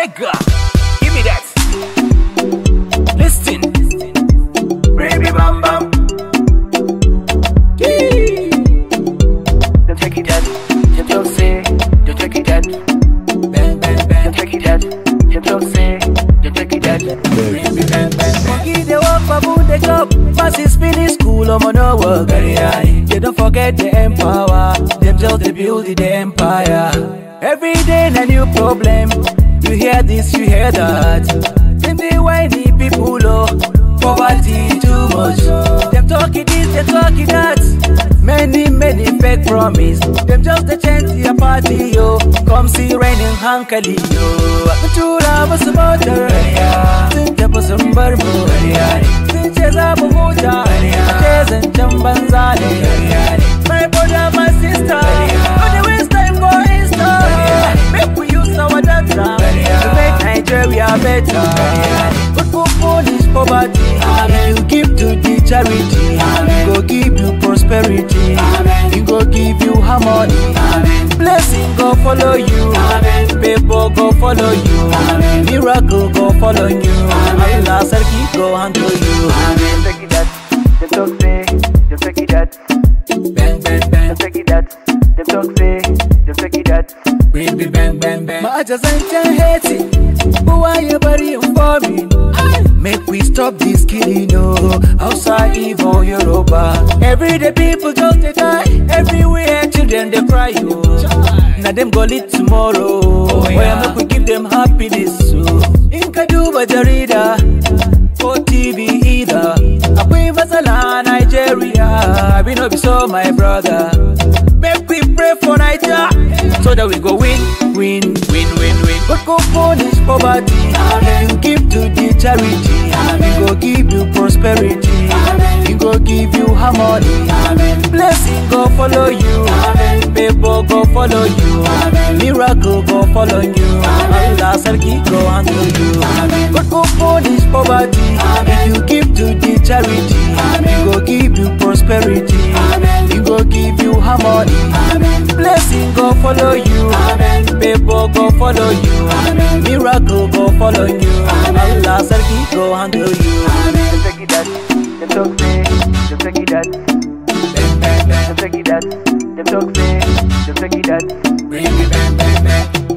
Beggar, give me that. Listen, baby bam bam. Don't take it dead, you don't say, don't take it dead. Ben ben ben, don't take it dead, you don't say, don't take it dead. Baby ben ben. Monkey they walk for food they chop, pass is finish school I'm on no work very high. They don't forget the empower, them just they build the empire. Every day a new problem. You hear this, you hear that. Them they whiny people, oh, poverty too much. Them talking this, them talking that. Many, many fake promise. Them just a chant your party, yo. Oh. Come see rain in Hankali, yo. Too loud. better. Yeah. But for all this poverty, Amen. you give to the charity, Amen. go give you prosperity, Amen. you go give you harmony. Amen. Blessing go follow you, Amen. people go follow you, Amen. miracle go follow you, Amen. Allah Sarki go handle you. Amen. Take it that, the talk say, the take it that. Bang, bang, bang. Take it that, the talk say we figure that. Baby bang bang bang. My zanchan hate it. Who are you burying for me? Make we stop this killing, no. Oh. Outside evil Europa Everyday people just they die. Everywhere children they cry, oh. Now them go lit tomorrow. Oh, yeah. Well, make we give them happiness, so. Oh. Inka do bajarida. Ah. For TV either. Akwai masala Nigeria. We know be so, my brother. poverty. Amen. You give to the charity. Amen. We go give you prosperity. Amen. We go give you harmony. Amen. Blessing go follow you. Amen. People go follow you. Amen. Miracle go follow you. Allah Sarki go unto you. Amen. God go punish poverty. Amen. You give to the charity. Amen. We go give you prosperity. Amen. We go give you harmony. Amen. Blessing go follow you. Amen. People go follow you. Amen. Miracle go follow you. Allah Sarki go handle you. Just take it that, just talk say, just take it that. Just take it that, just talk say, just take it that. Bring it back, back, back.